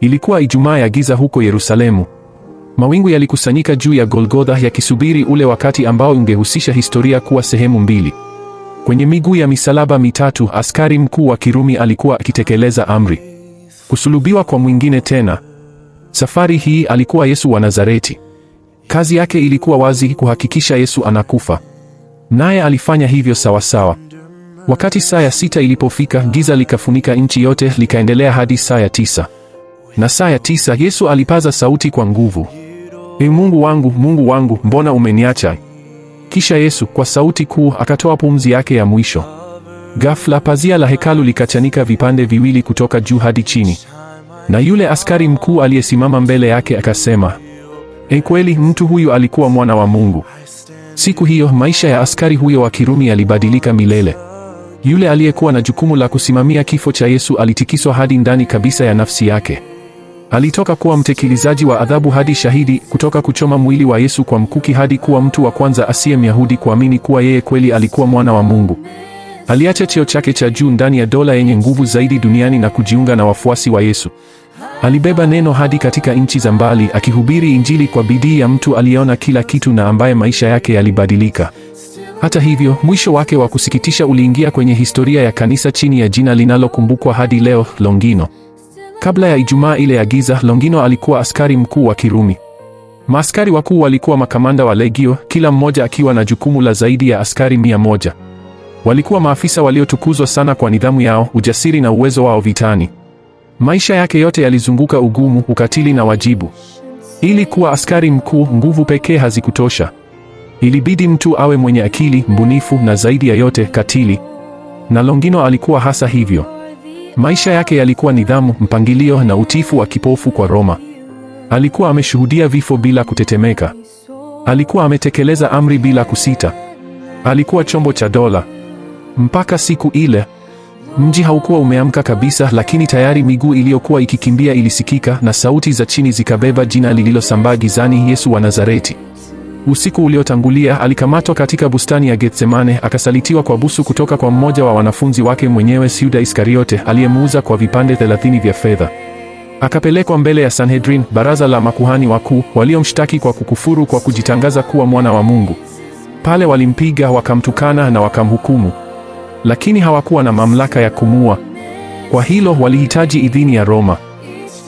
Ilikuwa Ijumaa ya giza huko Yerusalemu. Mawingu yalikusanyika juu ya Golgotha yakisubiri ule wakati ambao ungehusisha historia kuwa sehemu mbili. Kwenye miguu ya misalaba mitatu, askari mkuu wa Kirumi alikuwa akitekeleza amri. Kusulubiwa kwa mwingine tena. Safari hii alikuwa Yesu wa Nazareti. Kazi yake ilikuwa wazi, kuhakikisha Yesu anakufa. Naye alifanya hivyo sawasawa. Wakati saa ya sita ilipofika, giza likafunika nchi yote, likaendelea hadi saa ya tisa. Na saa ya tisa Yesu alipaza sauti kwa nguvu, E Mungu wangu, Mungu wangu, mbona umeniacha? Kisha Yesu kwa sauti kuu akatoa pumzi yake ya mwisho. Ghafla pazia la hekalu likachanika vipande viwili kutoka juu hadi chini, na yule askari mkuu aliyesimama mbele yake akasema, E, kweli mtu huyu alikuwa mwana wa Mungu. Siku hiyo maisha ya askari huyo wa Kirumi yalibadilika milele. Yule aliyekuwa na jukumu la kusimamia kifo cha Yesu alitikiswa hadi ndani kabisa ya nafsi yake. Alitoka kuwa mtekelezaji wa adhabu hadi shahidi, kutoka kuchoma mwili wa Yesu kwa mkuki hadi kuwa mtu wa kwanza asiye Myahudi kuamini kuwa yeye kweli alikuwa mwana wa Mungu. Aliacha cheo chake cha juu ndani ya dola yenye nguvu zaidi duniani na kujiunga na wafuasi wa Yesu. Alibeba neno hadi katika nchi za mbali, akihubiri Injili kwa bidii ya mtu aliyeona kila kitu na ambaye maisha yake yalibadilika. Hata hivyo, mwisho wake wa kusikitisha uliingia kwenye historia ya kanisa chini ya jina linalokumbukwa hadi leo, Longino. Kabla ya Ijumaa ile ya giza, Longino alikuwa askari mkuu wa Kirumi. Maaskari wakuu walikuwa makamanda wa legio, kila mmoja akiwa na jukumu la zaidi ya askari mia moja. Walikuwa maafisa waliotukuzwa sana kwa nidhamu yao, ujasiri na uwezo wao vitani. Maisha yake yote yalizunguka ugumu, ukatili na wajibu. Ili kuwa askari mkuu, nguvu pekee hazikutosha. Ilibidi mtu awe mwenye akili, mbunifu na zaidi ya yote katili. Na Longino alikuwa hasa hivyo. Maisha yake yalikuwa nidhamu, mpangilio na utifu wa kipofu kwa Roma. Alikuwa ameshuhudia vifo bila kutetemeka. Alikuwa ametekeleza amri bila kusita. Alikuwa chombo cha dola. Mpaka siku ile, mji haukuwa umeamka kabisa, lakini tayari miguu iliyokuwa ikikimbia ilisikika na sauti za chini zikabeba jina lililosambaa gizani, Yesu wa Nazareti. Usiku uliotangulia alikamatwa katika bustani ya Getsemane, akasalitiwa kwa busu kutoka kwa mmoja wa wanafunzi wake mwenyewe, Siuda Iskariote, aliyemuuza kwa vipande thelathini vya fedha. Akapelekwa mbele ya Sanhedrin, baraza la makuhani wakuu, waliomshtaki kwa kukufuru kwa kujitangaza kuwa mwana wa Mungu. Pale walimpiga, wakamtukana na wakamhukumu, lakini hawakuwa na mamlaka ya kumua. Kwa hilo walihitaji idhini ya Roma.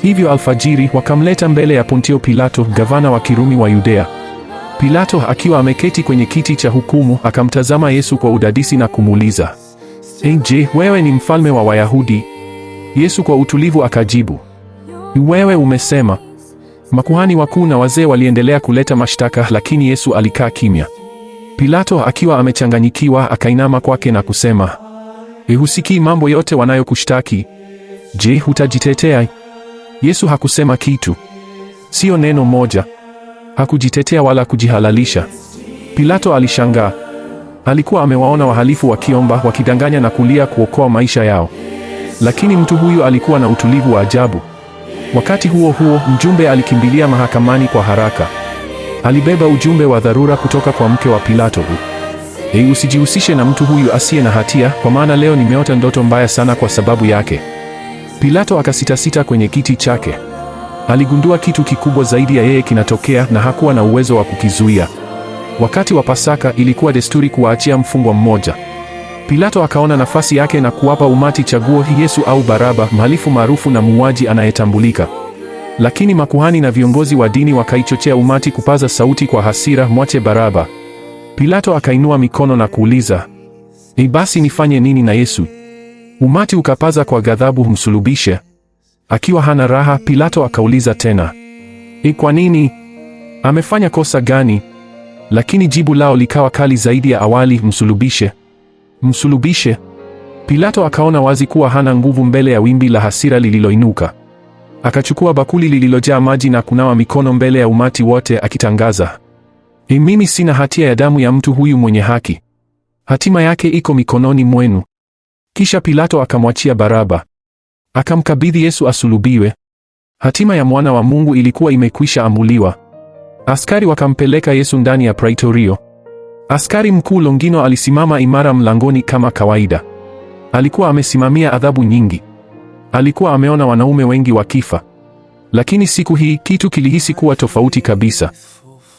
Hivyo alfajiri wakamleta mbele ya Pontio Pilato, gavana wa Kirumi wa Yudea. Pilato akiwa ameketi kwenye kiti cha hukumu akamtazama Yesu kwa udadisi na kumuuliza, je, wewe ni mfalme wa Wayahudi? Yesu kwa utulivu akajibu, wewe umesema. Makuhani wakuu na wazee waliendelea kuleta mashtaka, lakini Yesu alikaa kimya. Pilato akiwa amechanganyikiwa akainama kwake na kusema, e, husikii mambo yote wanayokushtaki? Je, hutajitetea? Yesu hakusema kitu, sio neno moja. Hakujitetea wala kujihalalisha. Pilato alishangaa. Alikuwa amewaona wahalifu wakiomba, wakidanganya na kulia kuokoa maisha yao, lakini mtu huyu alikuwa na utulivu wa ajabu. Wakati huo huo, mjumbe alikimbilia mahakamani kwa haraka. Alibeba ujumbe wa dharura kutoka kwa mke wa Pilato huu. Ei, usijihusishe na mtu huyu asiye na hatia, kwa maana leo nimeota ndoto mbaya sana kwa sababu yake. Pilato akasitasita kwenye kiti chake aligundua kitu kikubwa zaidi ya yeye kinatokea na hakuwa na uwezo wa kukizuia. Wakati wa Pasaka ilikuwa desturi kuwaachia mfungwa mmoja. Pilato akaona nafasi yake na kuwapa umati chaguo, Yesu au Baraba, mhalifu maarufu na muuaji anayetambulika. Lakini makuhani na viongozi wa dini wakaichochea umati kupaza sauti kwa hasira, mwache Baraba. Pilato akainua mikono na kuuliza, ni basi nifanye nini na Yesu? Umati ukapaza kwa ghadhabu, msulubishe. Akiwa hana raha, Pilato akauliza tena, "E, kwa nini? Amefanya kosa gani?" Lakini jibu lao likawa kali zaidi ya awali, "Msulubishe, msulubishe." Pilato akaona wazi kuwa hana nguvu mbele ya wimbi la hasira lililoinuka. Akachukua bakuli lililojaa maji na kunawa mikono mbele ya umati wote akitangaza, "E, mimi sina hatia ya damu ya mtu huyu mwenye haki. Hatima yake iko mikononi mwenu." Kisha Pilato akamwachia Baraba akamkabidhi Yesu asulubiwe. Hatima ya mwana wa Mungu ilikuwa imekwisha amuliwa. Askari wakampeleka Yesu ndani ya praitorio. Askari mkuu Longino alisimama imara mlangoni kama kawaida. Alikuwa amesimamia adhabu nyingi. Alikuwa ameona wanaume wengi wakifa. Lakini siku hii kitu kilihisi kuwa tofauti kabisa.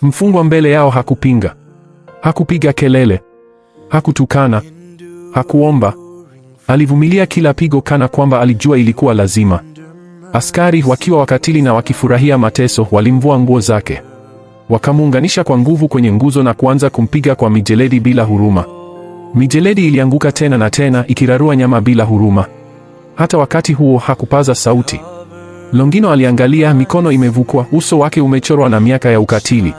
Mfungwa mbele yao hakupinga. Hakupiga kelele. Hakutukana. Hakuomba. Alivumilia kila pigo kana kwamba alijua ilikuwa lazima. Askari wakiwa wakatili na wakifurahia mateso, walimvua nguo zake, wakamuunganisha kwa nguvu kwenye nguzo na kuanza kumpiga kwa mijeledi bila huruma. Mijeledi ilianguka tena na tena, ikirarua nyama bila huruma. Hata wakati huo hakupaza sauti. Longino aliangalia, mikono imevukwa, uso wake umechorwa na miaka ya ukatili,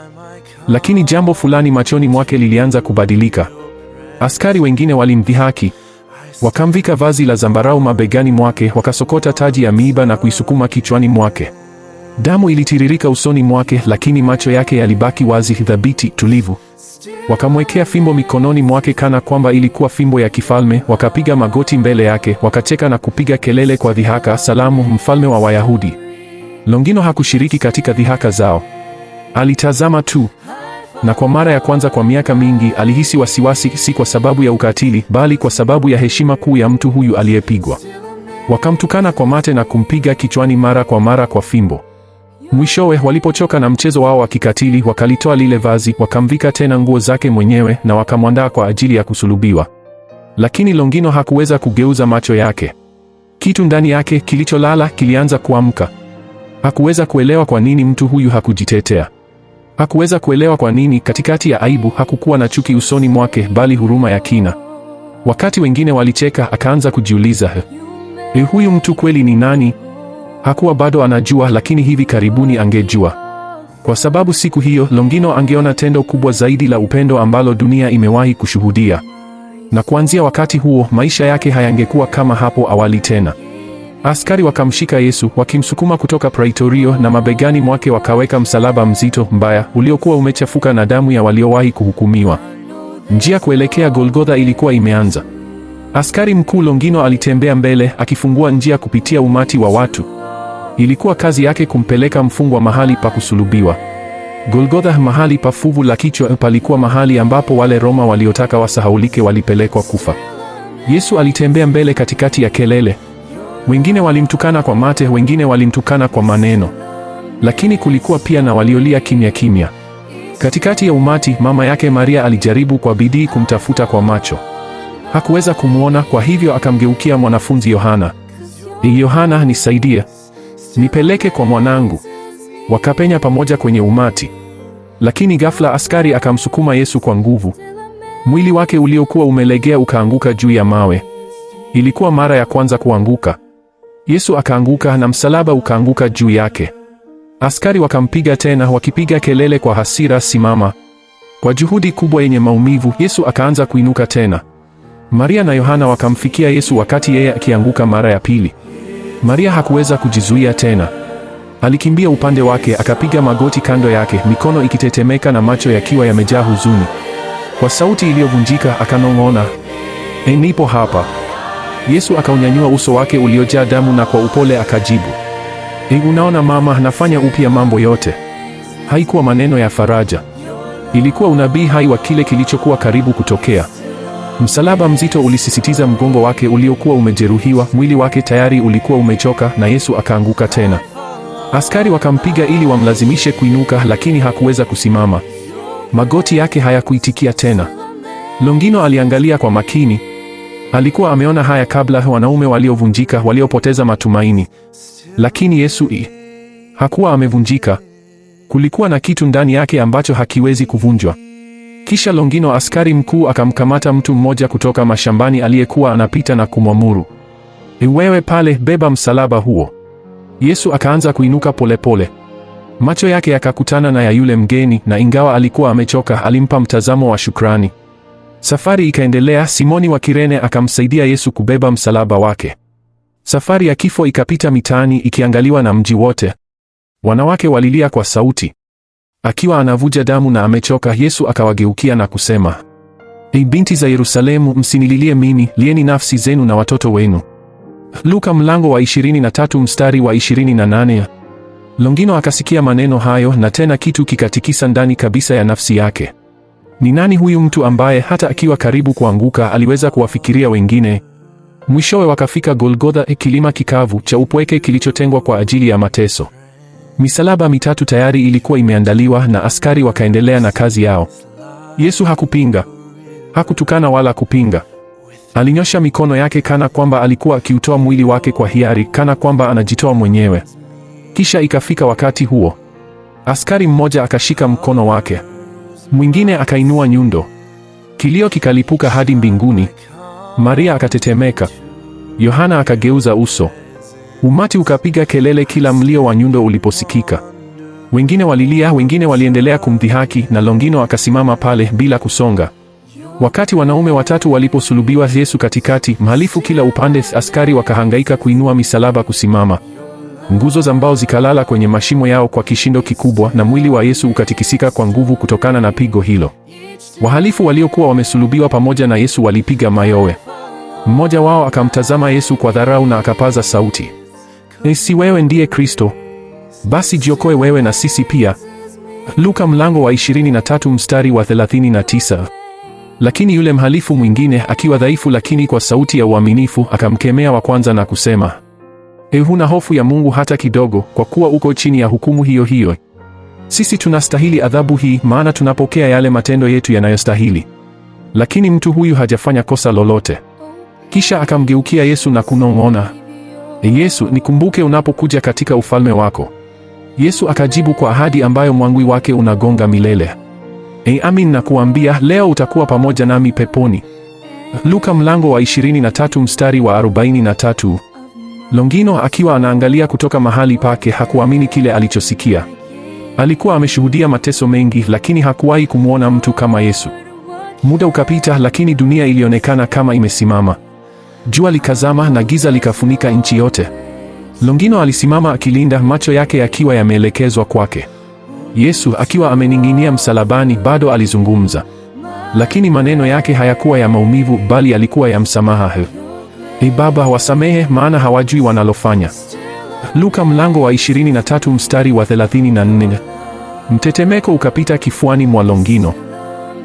lakini jambo fulani machoni mwake lilianza kubadilika. Askari wengine walimdhihaki. Wakamvika vazi la zambarau mabegani mwake, wakasokota taji ya miiba na kuisukuma kichwani mwake. Damu ilitiririka usoni mwake, lakini macho yake yalibaki wazi, thabiti, tulivu. Wakamwekea fimbo mikononi mwake kana kwamba ilikuwa fimbo ya kifalme, wakapiga magoti mbele yake, wakacheka na kupiga kelele kwa dhihaka, Salamu, mfalme wa Wayahudi. Longino hakushiriki katika dhihaka zao, alitazama tu na kwa mara ya kwanza kwa miaka mingi alihisi wasiwasi, si kwa sababu ya ukatili, bali kwa sababu ya heshima kuu ya mtu huyu aliyepigwa. Wakamtukana kwa mate na kumpiga kichwani mara kwa mara kwa fimbo. Mwishowe, walipochoka na mchezo wao wa kikatili, wakalitoa lile vazi, wakamvika tena nguo zake mwenyewe na wakamwandaa kwa ajili ya kusulubiwa. Lakini Longino hakuweza kugeuza macho yake. Kitu ndani yake kilicholala kilianza kuamka. Hakuweza kuelewa kwa nini mtu huyu hakujitetea. Hakuweza kuelewa kwa nini katikati ya aibu hakukuwa na chuki usoni mwake, bali huruma ya kina. Wakati wengine walicheka, akaanza kujiuliza, e, huyu mtu kweli ni nani? Hakuwa bado anajua, lakini hivi karibuni angejua, kwa sababu siku hiyo Longino angeona tendo kubwa zaidi la upendo ambalo dunia imewahi kushuhudia. Na kuanzia wakati huo maisha yake hayangekuwa kama hapo awali tena. Askari wakamshika Yesu wakimsukuma kutoka praitorio, na mabegani mwake wakaweka msalaba mzito mbaya uliokuwa umechafuka na damu ya waliowahi kuhukumiwa. Njia kuelekea Golgotha ilikuwa imeanza. Askari mkuu Longino alitembea mbele akifungua njia kupitia umati wa watu. Ilikuwa kazi yake kumpeleka mfungwa mahali pa kusulubiwa. Golgotha, mahali pa fuvu la kichwa, palikuwa mahali ambapo wale Roma waliotaka wasahaulike walipelekwa kufa. Yesu alitembea mbele katikati ya kelele. Wengine walimtukana kwa mate, wengine walimtukana kwa maneno, lakini kulikuwa pia na waliolia kimya kimya. Katikati ya umati, mama yake Maria alijaribu kwa bidii kumtafuta kwa macho. Hakuweza kumwona, kwa hivyo akamgeukia mwanafunzi Yohana. E, Yohana, nisaidie, nipeleke kwa mwanangu. Wakapenya pamoja kwenye umati, lakini ghafla askari akamsukuma Yesu kwa nguvu. Mwili wake uliokuwa umelegea ukaanguka juu ya mawe. Ilikuwa mara ya kwanza kuanguka. Yesu akaanguka na msalaba ukaanguka juu yake. Askari wakampiga tena, wakipiga kelele kwa hasira, simama. Kwa juhudi kubwa yenye maumivu, Yesu akaanza kuinuka tena. Maria na Yohana wakamfikia Yesu wakati yeye akianguka mara ya pili. Maria hakuweza kujizuia tena. Alikimbia upande wake akapiga magoti kando yake, mikono ikitetemeka na macho yakiwa yamejaa huzuni. Kwa sauti iliyovunjika akanong'ona, E, nipo hapa. Yesu akaunyanyua uso wake uliojaa damu na kwa upole akajibu, E, unaona mama, nafanya upya mambo yote. Haikuwa maneno ya faraja, ilikuwa unabii hai wa kile kilichokuwa karibu kutokea. Msalaba mzito ulisisitiza mgongo wake uliokuwa umejeruhiwa, mwili wake tayari ulikuwa umechoka, na Yesu akaanguka tena. Askari wakampiga ili wamlazimishe kuinuka, lakini hakuweza kusimama. Magoti yake hayakuitikia tena. Longino aliangalia kwa makini. Alikuwa ameona haya kabla, wanaume waliovunjika, waliopoteza matumaini. Lakini Yesu i hakuwa amevunjika. Kulikuwa na kitu ndani yake ambacho hakiwezi kuvunjwa. Kisha Longino, askari mkuu, akamkamata mtu mmoja kutoka mashambani aliyekuwa anapita na kumwamuru, e wewe pale, beba msalaba huo. Yesu akaanza kuinuka polepole pole. Macho yake yakakutana na ya yule mgeni, na ingawa alikuwa amechoka, alimpa mtazamo wa shukrani. Safari ikaendelea, Simoni wa Kirene akamsaidia Yesu kubeba msalaba wake. Safari ya kifo ikapita mitaani ikiangaliwa na mji wote. Wanawake walilia kwa sauti. Akiwa anavuja damu na amechoka, Yesu akawageukia na kusema, Ei binti za Yerusalemu, msinililie mimi, lieni nafsi zenu na watoto wenu. Luka mlango wa 23 mstari wa 28. Longino akasikia maneno hayo na tena kitu kikatikisa ndani kabisa ya nafsi yake. Ni nani huyu mtu ambaye hata akiwa karibu kuanguka aliweza kuwafikiria wengine? Mwishowe wakafika Golgotha, e kilima kikavu cha upweke kilichotengwa kwa ajili ya mateso. Misalaba mitatu tayari ilikuwa imeandaliwa na askari wakaendelea na kazi yao. Yesu hakupinga, hakutukana wala kupinga. Alinyosha mikono yake kana kwamba alikuwa akiutoa mwili wake kwa hiari, kana kwamba anajitoa mwenyewe. Kisha ikafika wakati huo, askari mmoja akashika mkono wake. Mwingine akainua nyundo, kilio kikalipuka hadi mbinguni. Maria akatetemeka, Yohana akageuza uso, umati ukapiga kelele kila mlio wa nyundo uliposikika. Wengine walilia, wengine waliendelea kumdhihaki, na Longino akasimama pale bila kusonga. Wakati wanaume watatu waliposulubiwa, Yesu katikati, mhalifu kila upande, askari wakahangaika kuinua misalaba kusimama. Nguzo za mbao zikalala kwenye mashimo yao kwa kishindo kikubwa, na mwili wa Yesu ukatikisika kwa nguvu kutokana na pigo hilo. Wahalifu waliokuwa wamesulubiwa pamoja na Yesu walipiga mayowe. Mmoja wao akamtazama Yesu kwa dharau na akapaza sauti, e, si wewe ndiye Kristo? Basi jiokoe wewe na sisi pia. Luka mlango wa 23 mstari wa 39. Lakini yule mhalifu mwingine akiwa dhaifu, lakini kwa sauti ya uaminifu, akamkemea wa kwanza na kusema e, huna hofu ya Mungu hata kidogo, kwa kuwa uko chini ya hukumu hiyo hiyo. Sisi tunastahili adhabu hii, maana tunapokea yale matendo yetu yanayostahili, lakini mtu huyu hajafanya kosa lolote. Kisha akamgeukia Yesu na kunong'ona, e, Yesu, nikumbuke unapokuja katika ufalme wako. Yesu akajibu kwa ahadi ambayo mwangwi wake unagonga milele, e, amin nakuambia leo utakuwa pamoja nami peponi. Luka mlango wa 23 mstari wa 43. Longino akiwa anaangalia kutoka mahali pake hakuamini kile alichosikia. Alikuwa ameshuhudia mateso mengi, lakini hakuwahi kumwona mtu kama Yesu. Muda ukapita, lakini dunia ilionekana kama imesimama. Jua likazama na giza likafunika nchi yote. Longino alisimama akilinda, macho yake yakiwa yameelekezwa kwake. Yesu akiwa amening'inia msalabani, bado alizungumza, lakini maneno yake hayakuwa ya maumivu, bali yalikuwa ya msamaha. Ni Baba, wasamehe maana hawajui wanalofanya. Luka mlango wa 23 mstari wa 34. Mtetemeko ukapita kifuani mwa Longino.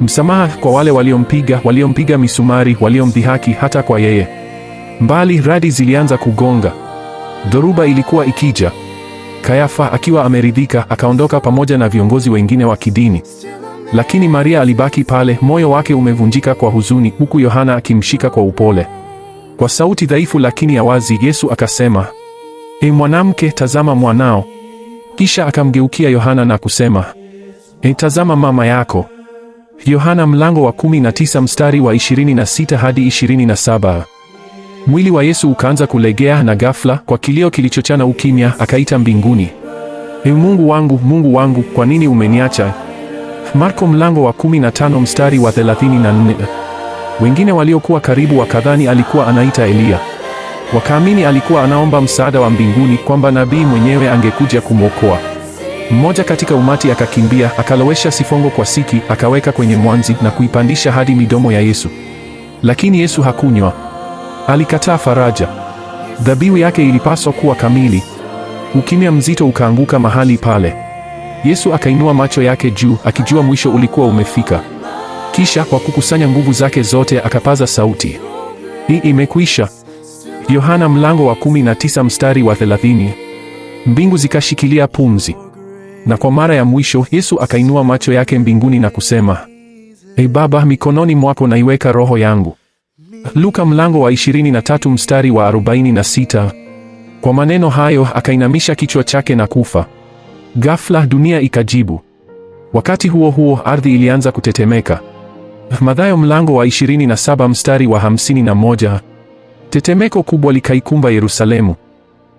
Msamaha kwa wale waliompiga, waliompiga misumari, waliomdhihaki hata kwa yeye. Mbali radi zilianza kugonga. Dhoruba ilikuwa ikija. Kayafa akiwa ameridhika akaondoka pamoja na viongozi wengine wa kidini. Lakini Maria alibaki pale, moyo wake umevunjika kwa huzuni, huku Yohana akimshika kwa upole. Kwa sauti dhaifu lakini ya wazi, Yesu akasema, E mwanamke, tazama mwanao. Kisha akamgeukia Yohana na kusema, E, tazama mama yako. Yohana mlango wa 19 mstari wa 26 hadi 27. Mwili wa Yesu ukaanza kulegea na ghafla, kwa kilio kilichochana ukimya, akaita mbinguni, E Mungu wangu, Mungu wangu, kwa nini umeniacha? Marko mlango wa 15 mstari wa wengine waliokuwa karibu wakadhani alikuwa anaita Eliya, wakaamini alikuwa anaomba msaada wa mbinguni, kwamba nabii mwenyewe angekuja kumwokoa. Mmoja katika umati akakimbia, akalowesha sifongo kwa siki, akaweka kwenye mwanzi na kuipandisha hadi midomo ya Yesu, lakini Yesu hakunywa. Alikataa faraja. Dhabihu yake ilipaswa kuwa kamili. Ukimya mzito ukaanguka mahali pale. Yesu akainua macho yake juu, akijua mwisho ulikuwa umefika. Kisha kwa kukusanya nguvu zake zote akapaza sauti, hii imekwisha. Yohana mlango wa 19 mstari wa 30. Mbingu zikashikilia pumzi, na kwa mara ya mwisho Yesu akainua macho yake mbinguni na kusema, Ee Baba, mikononi mwako naiweka roho yangu. Luka mlango wa 23 mstari wa 46. Kwa maneno hayo akainamisha kichwa chake na kufa. Ghafla dunia ikajibu. Wakati huo huo ardhi ilianza kutetemeka. Mathayo mlango wa 27 mstari wa 51. Tetemeko kubwa likaikumba Yerusalemu,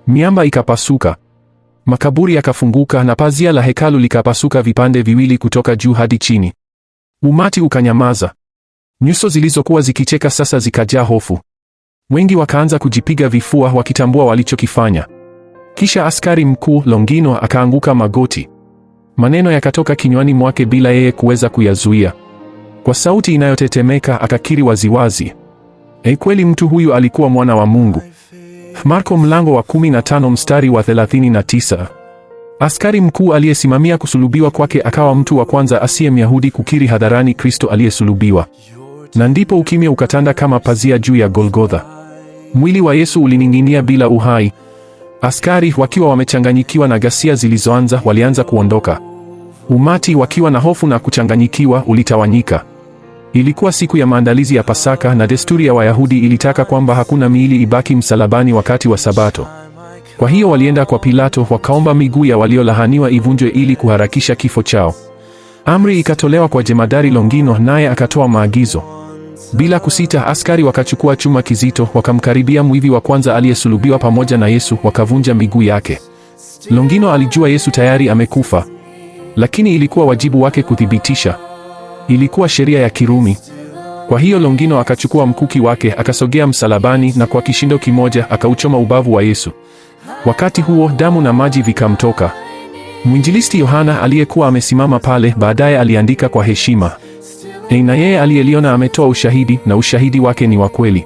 miamba ikapasuka, makaburi yakafunguka, na pazia la hekalu likapasuka vipande viwili kutoka juu hadi chini. Umati ukanyamaza, nyuso zilizokuwa zikicheka sasa zikajaa hofu. Wengi wakaanza kujipiga vifua wakitambua walichokifanya. Kisha askari mkuu Longino akaanguka magoti, maneno yakatoka kinywani mwake bila yeye kuweza kuyazuia. Kwa sauti inayotetemeka akakiri waziwazi, e, kweli mtu huyu alikuwa mwana wa Mungu. Marko mlango wa 15 mstari wa 39. Askari mkuu aliyesimamia kusulubiwa kwake akawa mtu wa kwanza asiye Myahudi kukiri hadharani Kristo aliyesulubiwa. Na ndipo ukimya ukatanda kama pazia juu ya Golgotha. Mwili wa Yesu ulining'inia bila uhai. Askari wakiwa wamechanganyikiwa na ghasia zilizoanza, walianza kuondoka. Umati wakiwa na hofu na kuchanganyikiwa ulitawanyika. Ilikuwa siku ya maandalizi ya Pasaka na desturi ya Wayahudi ilitaka kwamba hakuna miili ibaki msalabani wakati wa Sabato. Kwa hiyo walienda kwa Pilato wakaomba miguu ya waliolahaniwa ivunjwe ili kuharakisha kifo chao. Amri ikatolewa kwa jemadari Longino naye akatoa maagizo. Bila kusita, askari wakachukua chuma kizito wakamkaribia mwivi wa kwanza aliyesulubiwa pamoja na Yesu wakavunja miguu yake. Longino alijua Yesu tayari amekufa, lakini ilikuwa wajibu wake kuthibitisha. Ilikuwa sheria ya Kirumi. Kwa hiyo Longino akachukua mkuki wake akasogea msalabani na kwa kishindo kimoja akauchoma ubavu wa Yesu. Wakati huo damu na maji vikamtoka. Mwinjilisti Yohana aliyekuwa amesimama pale baadaye aliandika kwa heshima, na yeye aliyeliona ametoa ushahidi na ushahidi wake ni wa kweli.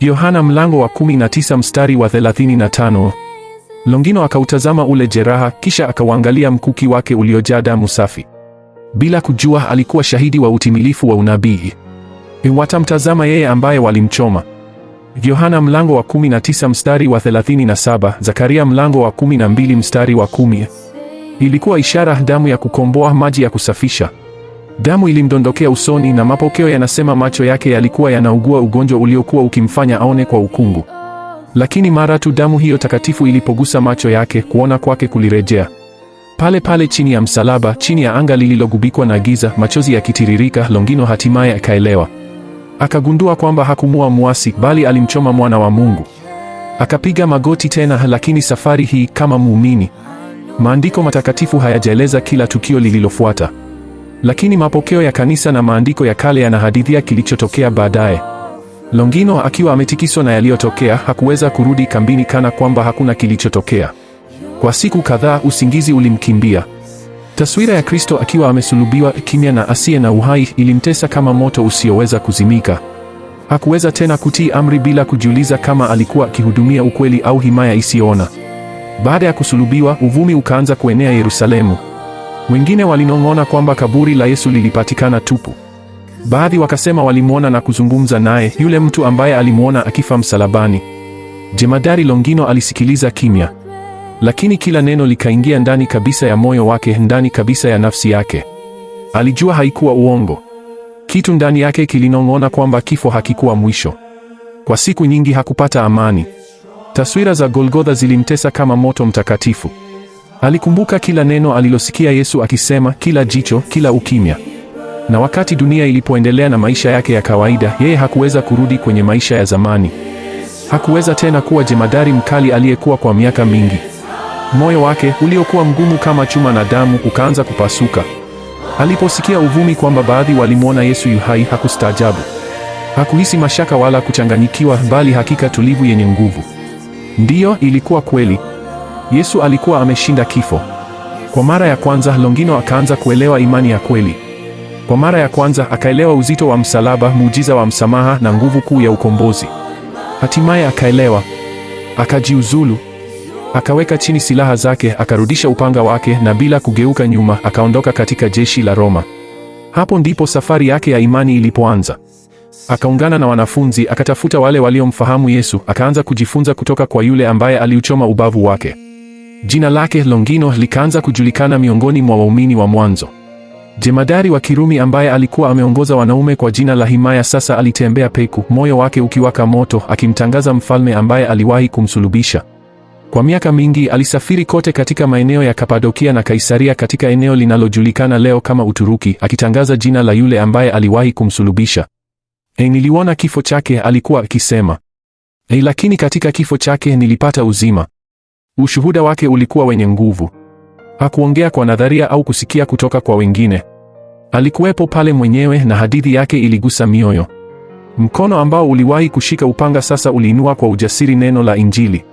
Yohana mlango wa 19 mstari wa 35. Longino akautazama ule jeraha kisha akauangalia mkuki wake uliojaa damu safi. Bila kujua alikuwa shahidi wa utimilifu wa unabii. Watamtazama yeye ambaye walimchoma. Yohana mlango wa 19 mstari wa 37, Zakaria mlango wa 12 mstari wa 10. Ilikuwa ishara, damu ya kukomboa, maji ya kusafisha. Damu ilimdondokea usoni na mapokeo yanasema macho yake yalikuwa yanaugua ugonjwa uliokuwa ukimfanya aone kwa ukungu. Lakini mara tu damu hiyo takatifu ilipogusa macho yake, kuona kwake kulirejea. Pale pale chini ya msalaba, chini ya anga lililogubikwa na giza, machozi yakitiririka, Longino hatimaye akaelewa. Akagundua kwamba hakumua mwasi, bali alimchoma mwana wa Mungu. Akapiga magoti tena, lakini safari hii kama muumini. Maandiko matakatifu hayajaeleza kila tukio lililofuata, lakini mapokeo ya kanisa na maandiko ya kale yanahadithia kilichotokea baadaye. Longino akiwa ametikiswa na yaliyotokea, hakuweza kurudi kambini kana kwamba hakuna kilichotokea. Kwa siku kadhaa usingizi ulimkimbia. Taswira ya Kristo akiwa amesulubiwa kimya na asiye na uhai ilimtesa kama moto usioweza kuzimika. Hakuweza tena kutii amri bila kujiuliza kama alikuwa akihudumia ukweli au himaya isiyoona. Baada ya kusulubiwa, uvumi ukaanza kuenea Yerusalemu. Wengine walinong'ona kwamba kaburi la Yesu lilipatikana tupu. Baadhi wakasema walimwona na kuzungumza naye, yule mtu ambaye alimwona akifa msalabani. Jemadari Longino alisikiliza kimya. Lakini kila neno likaingia ndani kabisa ya moyo wake, ndani kabisa ya nafsi yake. Alijua haikuwa uongo. Kitu ndani yake kilinong'ona kwamba kifo hakikuwa mwisho. Kwa siku nyingi hakupata amani. Taswira za Golgotha zilimtesa kama moto mtakatifu. Alikumbuka kila neno alilosikia Yesu akisema, kila jicho, kila ukimya. Na wakati dunia ilipoendelea na maisha yake ya kawaida, yeye hakuweza kurudi kwenye maisha ya zamani. Hakuweza tena kuwa jemadari mkali aliyekuwa kwa miaka mingi. Moyo wake uliokuwa mgumu kama chuma na damu ukaanza kupasuka. Aliposikia uvumi kwamba baadhi walimwona Yesu yuhai, hakustaajabu. Hakuhisi mashaka wala kuchanganyikiwa, bali hakika tulivu yenye nguvu. Ndiyo, ilikuwa kweli. Yesu alikuwa ameshinda kifo. Kwa mara ya kwanza Longino akaanza kuelewa imani ya kweli. Kwa mara ya kwanza akaelewa uzito wa msalaba, muujiza wa msamaha na nguvu kuu ya ukombozi. Hatimaye akaelewa, akajiuzulu. Akaweka chini silaha zake, akarudisha upanga wake, na bila kugeuka nyuma akaondoka katika jeshi la Roma. Hapo ndipo safari yake ya imani ilipoanza. Akaungana na wanafunzi, akatafuta wale waliomfahamu Yesu, akaanza kujifunza kutoka kwa yule ambaye aliuchoma ubavu wake. Jina lake Longino likaanza kujulikana miongoni mwa waumini wa mwanzo. Jemadari wa Kirumi ambaye alikuwa ameongoza wanaume kwa jina la Himaya sasa alitembea peku, moyo wake ukiwaka moto, akimtangaza mfalme ambaye aliwahi kumsulubisha. Kwa miaka mingi alisafiri kote katika maeneo ya Kapadokia na Kaisaria katika eneo linalojulikana leo kama Uturuki, akitangaza jina la yule ambaye aliwahi kumsulubisha. E, niliona kifo chake, alikuwa akisema. E, lakini katika kifo chake nilipata uzima. Ushuhuda wake ulikuwa wenye nguvu. Hakuongea kwa nadharia au kusikia kutoka kwa wengine. Alikuwepo pale mwenyewe na hadithi yake iligusa mioyo. Mkono ambao uliwahi kushika upanga sasa uliinua kwa ujasiri neno la Injili.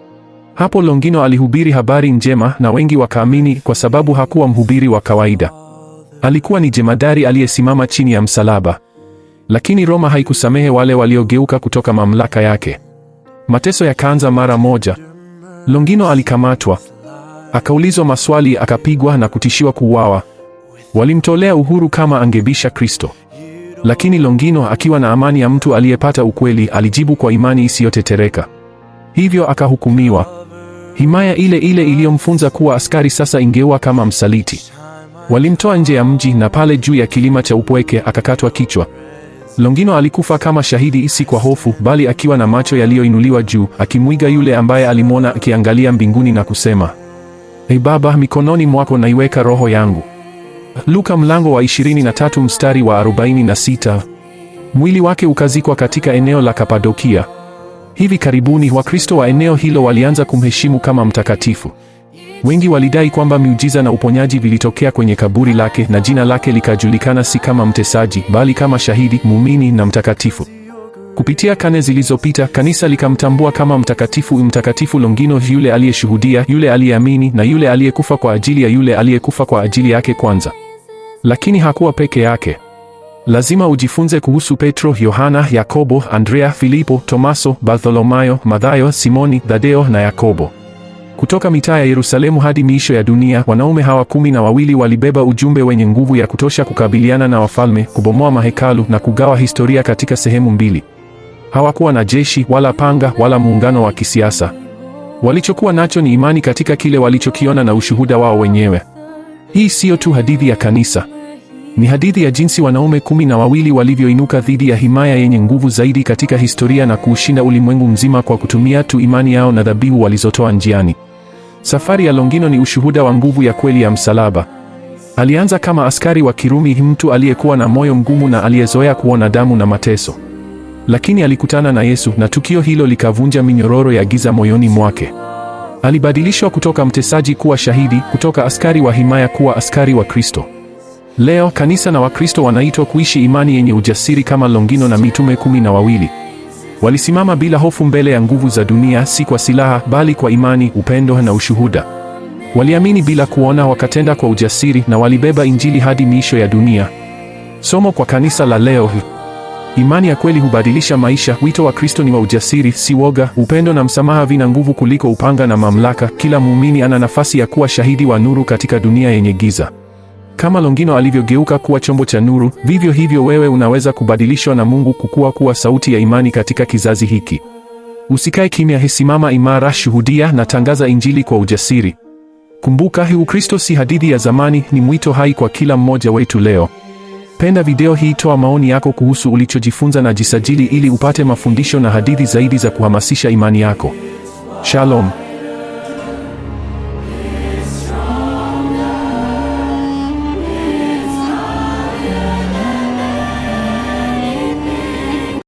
Hapo Longino alihubiri habari njema na wengi wakaamini kwa sababu hakuwa mhubiri wa kawaida. Alikuwa ni jemadari aliyesimama chini ya msalaba. Lakini Roma haikusamehe wale waliogeuka kutoka mamlaka yake. Mateso yakaanza mara moja. Longino alikamatwa, akaulizwa maswali, akapigwa na kutishiwa kuuawa. Walimtolea uhuru kama angebisha Kristo. Lakini Longino akiwa na amani ya mtu aliyepata ukweli, alijibu kwa imani isiyotetereka. Hivyo akahukumiwa. Himaya ile ile iliyomfunza kuwa askari sasa ingeua kama msaliti. Walimtoa nje ya mji na pale juu ya kilima cha upweke akakatwa kichwa. Longino alikufa kama shahidi, si kwa hofu, bali akiwa na macho yaliyoinuliwa juu, akimwiga yule ambaye alimwona akiangalia mbinguni na kusema, Ee Baba, mikononi mwako naiweka roho yangu. Luka mlango wa 23 mstari wa 46. Mwili wake ukazikwa katika eneo la Kapadokia. Hivi karibuni Wakristo wa eneo hilo walianza kumheshimu kama mtakatifu. Wengi walidai kwamba miujiza na uponyaji vilitokea kwenye kaburi lake na jina lake likajulikana si kama mtesaji, bali kama shahidi, muumini na mtakatifu. Kupitia kane zilizopita, kanisa likamtambua kama mtakatifu mtakatifu Longino, yule aliyeshuhudia, yule aliyeamini na yule aliyekufa kwa ajili ya yule aliyekufa kwa ajili yake kwanza. Lakini hakuwa peke yake. Lazima ujifunze kuhusu Petro, Yohana, Yakobo, Andrea, Filipo, Tomaso, Bartholomayo, Mathayo, Simoni, Thadeo na Yakobo. Kutoka mitaa ya Yerusalemu hadi miisho ya dunia, wanaume hawa kumi na wawili walibeba ujumbe wenye nguvu ya kutosha kukabiliana na wafalme, kubomoa mahekalu na kugawa historia katika sehemu mbili. Hawakuwa na jeshi wala panga wala muungano wa kisiasa. Walichokuwa nacho ni imani katika kile walichokiona na ushuhuda wao wenyewe. Hii siyo tu hadithi ya kanisa. Ni hadithi ya jinsi wanaume kumi na wawili walivyoinuka dhidi ya himaya yenye nguvu zaidi katika historia na kuushinda ulimwengu mzima kwa kutumia tu imani yao na dhabihu walizotoa njiani. Safari ya Longino ni ushuhuda wa nguvu ya kweli ya msalaba. Alianza kama askari wa Kirumi, mtu aliyekuwa na moyo mgumu na aliyezoea kuona damu na mateso. Lakini alikutana na Yesu na tukio hilo likavunja minyororo ya giza moyoni mwake. Alibadilishwa kutoka mtesaji kuwa shahidi, kutoka askari wa himaya kuwa askari wa Kristo. Leo kanisa na Wakristo wanaitwa kuishi imani yenye ujasiri kama Longino na mitume kumi na wawili. Walisimama bila hofu mbele ya nguvu za dunia, si kwa silaha, bali kwa imani, upendo na ushuhuda. Waliamini bila kuona, wakatenda kwa ujasiri, na walibeba Injili hadi miisho ya dunia. Somo kwa kanisa la leo: imani ya kweli hubadilisha maisha. Wito wa Kristo ni wa ujasiri, si woga. Upendo na msamaha vina nguvu kuliko upanga na mamlaka. Kila muumini ana nafasi ya kuwa shahidi wa nuru katika dunia yenye giza. Kama Longino alivyogeuka kuwa chombo cha nuru, vivyo hivyo wewe unaweza kubadilishwa na Mungu kukua kuwa sauti ya imani katika kizazi hiki. Usikae kimya, hisimama imara, shuhudia na tangaza Injili kwa ujasiri. Kumbuka, hii Ukristo si hadithi ya zamani, ni mwito hai kwa kila mmoja wetu leo. Penda video hii, toa maoni yako kuhusu ulichojifunza na jisajili ili upate mafundisho na hadithi zaidi za kuhamasisha imani yako. Shalom.